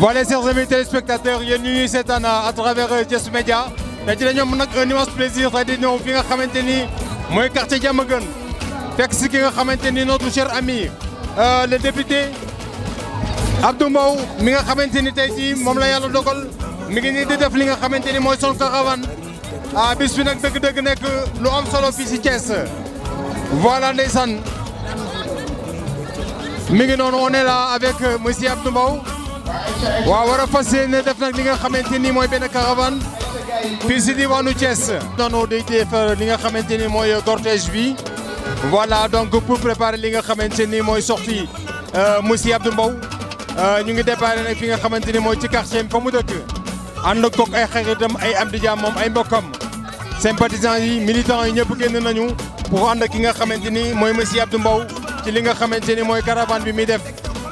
Voilà, chers amis téléspectateurs yéen ñu ñuy seetaan à travers euh, Thiès Media, tey ci la ñu un immense plaisir de di ñëw fi nga xamante ni mooy quartier Diamaguène fekk si ki nga xamante ni notre cher ami euh, le député Abdou Mbow mi nga xamante ni tey jii moom la yàlla dogal mi ngi di def li nga xamante ni mooy son caravane ah bis bi nag dëgg-dëgg nekk lu am solo fii si Thiès voilà ndeysaan mi ngi noonu on est là avec euh, monsieur Abdou Mbow waaw war a fas yéene def nag li nga xamante ni mooy benn caravane fii si diwaanu Thiès. noonu day def li nga xamante ni mooy cortège bi voilà donc pour préparer li nga xamante ni mooy sortie euh, monsieur Abdou Mbow euh, ñu ngi déparé nag fi nga xamante ni mooy ci quartier bi fa mu dëkk ànd koog ay xaritam ay am di jàmm moom ay mbokkam sympathisants yi militants yi ñëpp génn nañu pour ànd ki nga xamante ni mooy monsieur Abdou Mbow ci li nga xamante ni mooy caravane bi muy def.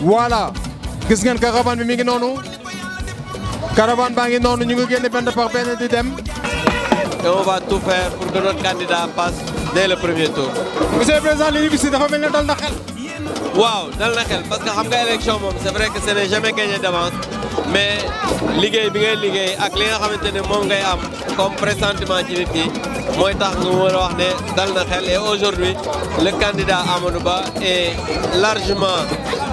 voilà voyez la caravane bi de ngi La caravane baa ngi noonu ñu ngi génn benn par benn di dem. et on va tout faire pour que notre candidat passe dès le premier tour. monsieur le président li ñu dafa mel dal na xel. waaw dal na xel parce que xam nga élection c'est vrai que ce n'est jamais gagné d'avance mais liggéey bi ngay liggéey ak li nga xamante ne ngay am comme pressentiment ci nit ñi tax nga et aujourd'hui le candidat Amadou Ba est largement.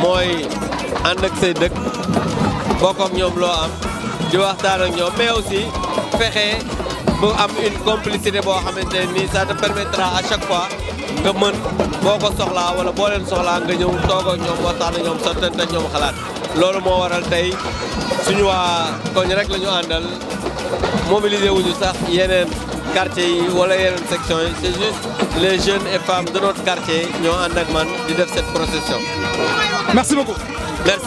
mooy ànd ak say dëkk bokk ñoom loo am di waxtaan ak ñoom mais aussi fexe bu am une complicité boo xamante ne nii ça te a à chaque fois nga mën boo ko soxlaa wala boo leen soxlaa nga ñëw toog ak ñoom waxtaan ak ñoom sottante ak ñoom xalaat loolu moo waral tey suñu waa koñ rek lañu ñu àndal mobiliser wuñu sax yeneen quartier yi wala yeneen section yi c'est juste les jeunes et femmes de notre quartier nous avons un man di cette procession. merci beaucoup. merci.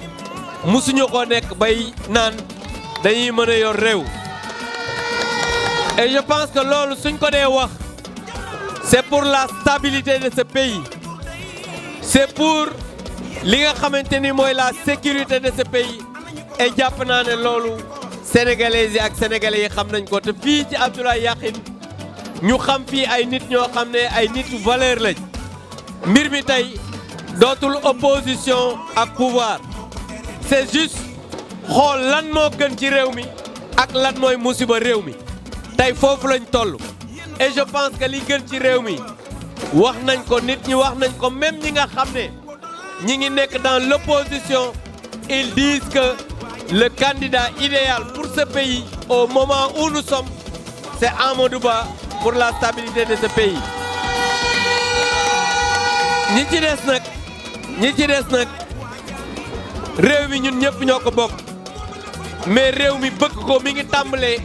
musuñu ko nek bay nan dañuy mëna et je pense que lolu suñ ko dé wax c'est pour la stabilité de ce pays c'est pour li nga la sécurité de ce pays et jàpp à que sénégalais yi ak sénégalais yi xam nañ ko te ci Abdoulaye ñu xam fi ay nit ñoo xamné ay que valeur lañ mbir mi opposition pouvoir c'est juste xool lan mo gën ci réew mi ak lan moy musiba réew mi tey lañ toll et je pense que li gën ci réew mi wax nañ ko nit ñi wax nañ ko même ñi nga xamné ñi ngi nekk dans l'opposition ils disent que le candidat idéal pour ce pays au moment où nous sommes c'est Amadou Ba pour la stabilité de ce pays ñi ci dess nak ñi ci dess nak réew mi ñun ñëpp ñoo ko bokk mais réew mi bëgg ko mi ngi tàmbalee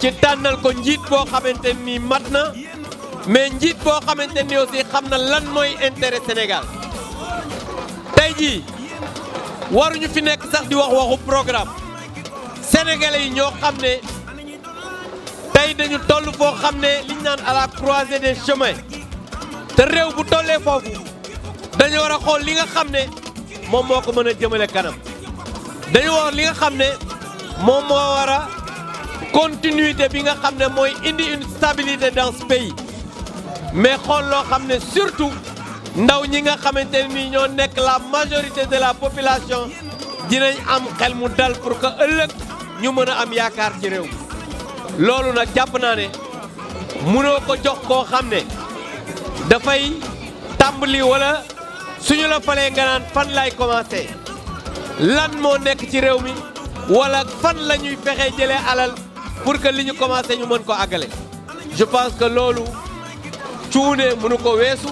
ci tànnal ko njiit boo xamante nii mat na mais njiit boo xamante ni aussi xam na lan mooy intérêt Sénégal tey jii waruñu fi nekk sax di wax waxu programme sénégalais yi ñoo xam ne tey dañu toll foo xam ne liñ naan à la croisée des chemins te réew bu tollee foofu dañu war a xool li nga xam ne. mom moko ko jëmele a kanam dañu wax li nga xamné mom mo wara continuité bi nga xamné moy indi une stabilité dans ce pays mais xol lo xamné surtout ndaw ñi nga xamanteni ñoo nek la majorité de la population dinañ am xel mu dal pour que ëllëg ñu mëna a am yaakar ci réew loolu nak japp na né mëno ko jox ko xamné da fay wala suñu la falee nga fan laay commencé lan moo nek ci réew mi wala fan la ñuy fexe à alal pour que li ñu commencé ñu à ko je pense que l'olu cuune mënu ko weesu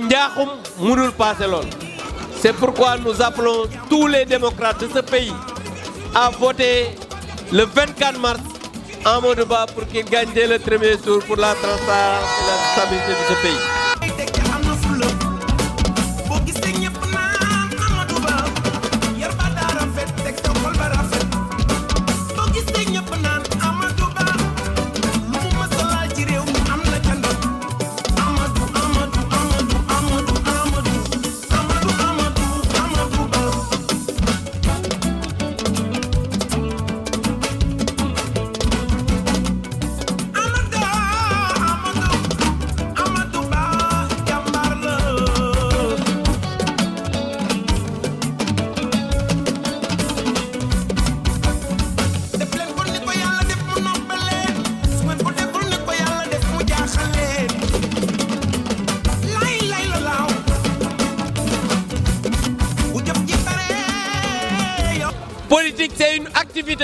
njaaxum mënul passé c'est pourquoi nous appelons tous les démocrates de ce pays à voter le 24 mars en mode bas pour qu'ils gagnent le premier tour pour la transparence et la stabilité de ce pays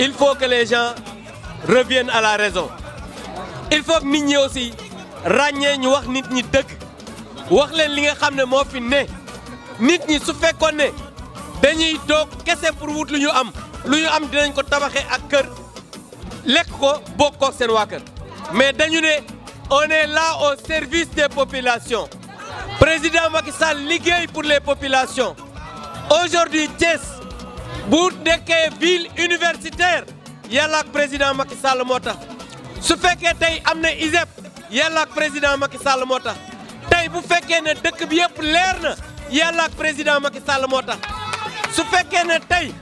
il faut que les gens reviennent à la raison il faut que nous aussi nous ñu wax nit ñi wax leen li nga nous mo fi nit ñi su kese pour wut lu am lu am dinañ ko tabaxé ak kër mais dañu on est là au service des populations président Macky Sall liguey pour les populations aujourd'hui Thiès buur nekkee ville universitaire yàlla ak président Macky Sall moo tax su fekkee tey am na ISEP yàlla ak président Macky Sall moo tax tey bu fekkee ne dëkk bi yëpp leer na yàlla ak président Macky Sall moo tax su fekkee ne tey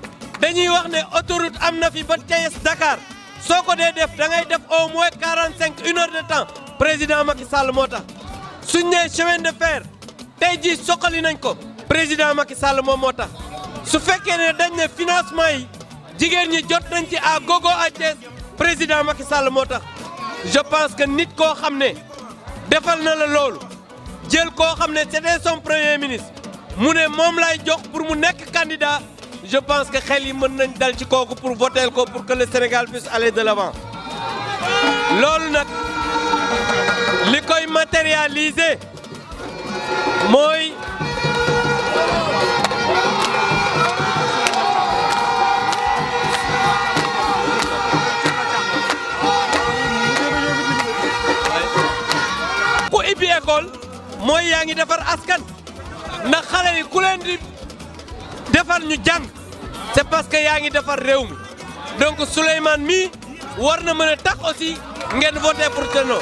dañuy wax ne autoroute am na fi ba Thiès Dakar soo ko dee def da ngay def au moins 45 une heure de temps président Macky Sall moo tax suñ nee chemin de fer tey jii soqali nañ ko président Macky Sall moom moo tax. su fekkee ne dañ ne financement yi jigéen ñi jot nañ ci à gogo a Thiès président Macky Sall moo tax je pense que nit koo xam ne defal na la loolu jël koo xam ne c'était son premier ministre mu ne moom lay jox pour mu nekk candidat je pense que xel yi mën nañ dal ci kooku pour voter ko pour que le Sénégal puisse aller de l'avant loolu nag li koy matérialiser mooy école mooy yaa ngi defar askan ndax xale yi di defar ñu jàng c'est parce que yaa ngi defar réew mi donc Souleymane mi war na mën a tax aussi ngeen voté pour Thierno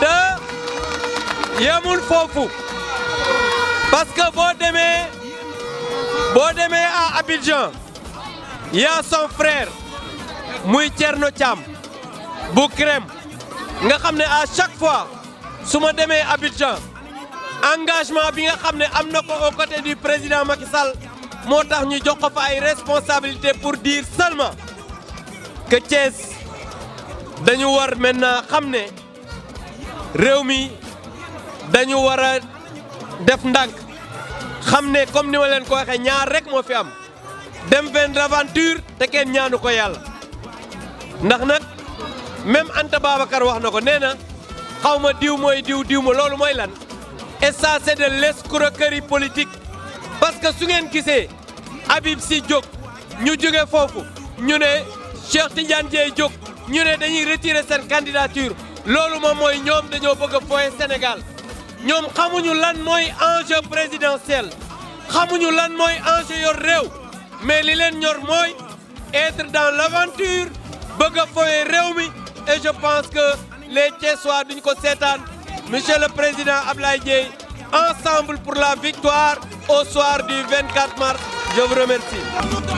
te yemul foofu parce que boo demee boo demee à Abidjan yaa son frère muy Thierno Thiam bu CREM nga xam ne à chaque fois su ma demee Abidjan engagement bi nga xam ne am na ko au côté du président Macky Sall moo tax ñu jox ko fa ay responsabilité pour dire seulement que Thiès dañu war maintenant xam ne réew mi dañu war a def ndànk xam ne comme ni ma leen ko waxee ñaar rekk moo fi am dem benn aventure te kenn ñaanu ko yàlla ndax nag même Anta Babacar wax na ko nee na. xaw diw moy diw diw ma lolou moy lan et ça c'est de l'escroquerie politique parce que su ngeen gisee Habib Sy jóg ñu jóge fofu ñu né Cheikh Tidiane Dieye jóg ñu né dañuy retirer seen candidature lolou mom moy ñom dañu bëgg a Sénégal ñom xamuñu lan moy enjeu présidentiel xamuñu lan moy enjeu yor réew mais li leen ñor moy être dans l'aventure bëgg a rew mi et je pense que les Thiessois du ko monsieur le président Ablaïdé, ensemble pour la victoire au soir du 24 mars je vous remercie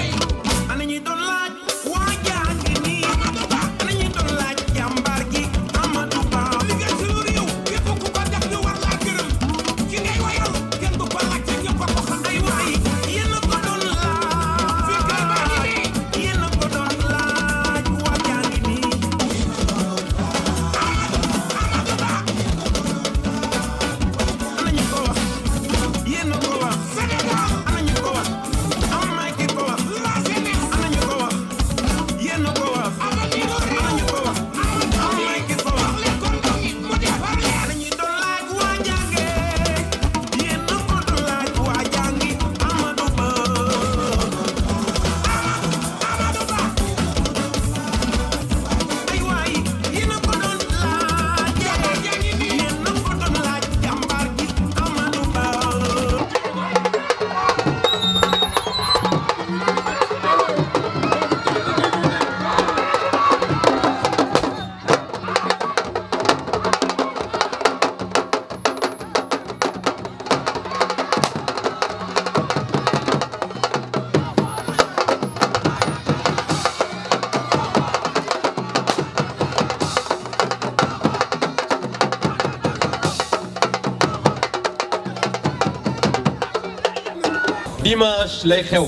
dimanche lay xew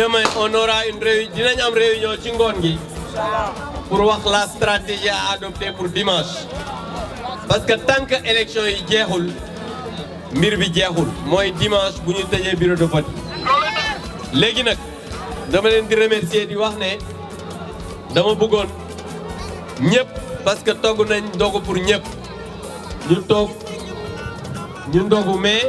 demain on aura une réunion dinañ am réunion ci ngoon gi pour wax la stratégie à adopter pour dimanche parce que tant que élection yi jéxul mbir bi jéxul moy dimanche buñu ñu bureau de vote légui nak dama len di remercier di wax né dama bëggone ñëpp parce que togu nañ dogu pour ñëpp ñu tok ñu dogu mais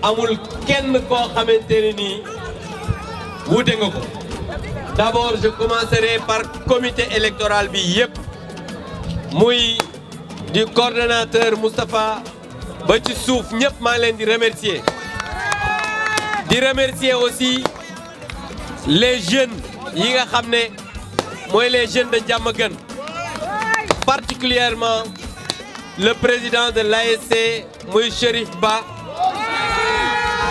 amul kenn koo d'abord je commencerai par le comité électoral bi yépp muy du coordonnateur Moustapha ba ci suuf ñépp remercier di remercier aussi les jeunes yi nga xam les jeunes de Diamaguène particulièrement le président de l'ASC le Chérif Ba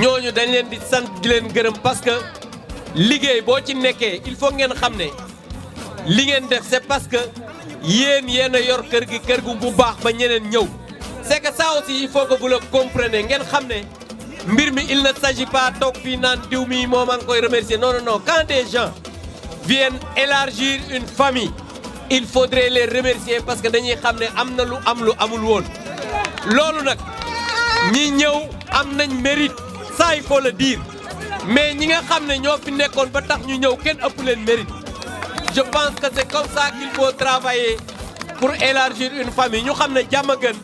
ñooñu dañ leen di di parce que liggéey boo ci il faut ngeen li c'est parce que yor kër gi kër gu bu c'est que ça aussi il faut que vous le compreniez il ne s'agit pas de remercier non non non quand des gens viennent élargir une famille il faudrait les remercier parce que dañuy xam ne lu am lu amul mérite ça il faut le dire mais ñi nga xam ne ñoo fi nekkone ba tax ñu ñew kenn ëpp leen mérite je pense que c'est comme ça qu'il faut travailler pour élargir une famille ñu xam ne gën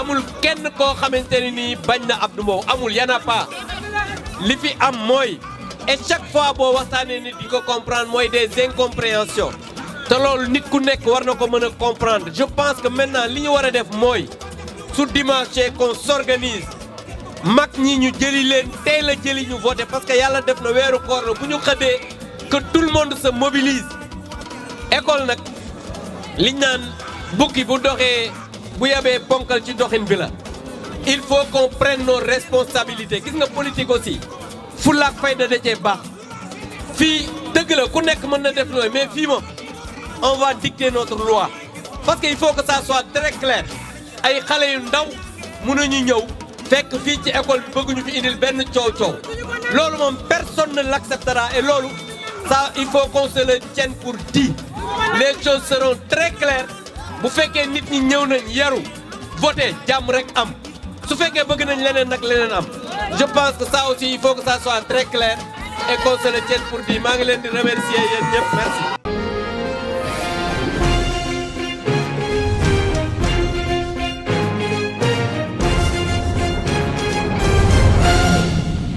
amul kenn ko xamanteni ni bañ na Abdou Mbow amul y en pas li fi am moy et chaque fois bo waxtane nit di ko comprendre moy des incompréhensions te lool nit ku nekk war na ko mëna comprendre je pense que maintenant li ñu wara def moy su dimanche qu'on s'organise mag ñi ñu jëli leen teel la jëli ñu voté parce que yàlla def na weeru koor la bu ñu xëddee que tout le monde se mobilise école nag liñ naan bukki bu doxee bu yabee ponkal ci doxin bi la il faut qu'on prenne nos responsabilités gis nga politique aussi fullaak fayda da cee baax fii dëgg la ku nekk mën na def looy mais fii moom on va dicter notre loi parce que il faut que ça soit très clair ay xale yu ndaw mënuñu ñëw fekk fii ci école bi bëgguñu fi indil benn coow coow loolu moom personne ne l'acceptera et loolu ça il faut qu'on se le tienne pour dit les choses seront très claires bu fekkee nit ñi ñëw nañ yaru voté jàmm rek am su fekkee bëgg nañ leneen nag leneen am je pense que ça aussi il faut que ça soit très clair et qu'on se le tienne pour dit maa ngi leen di remercier merci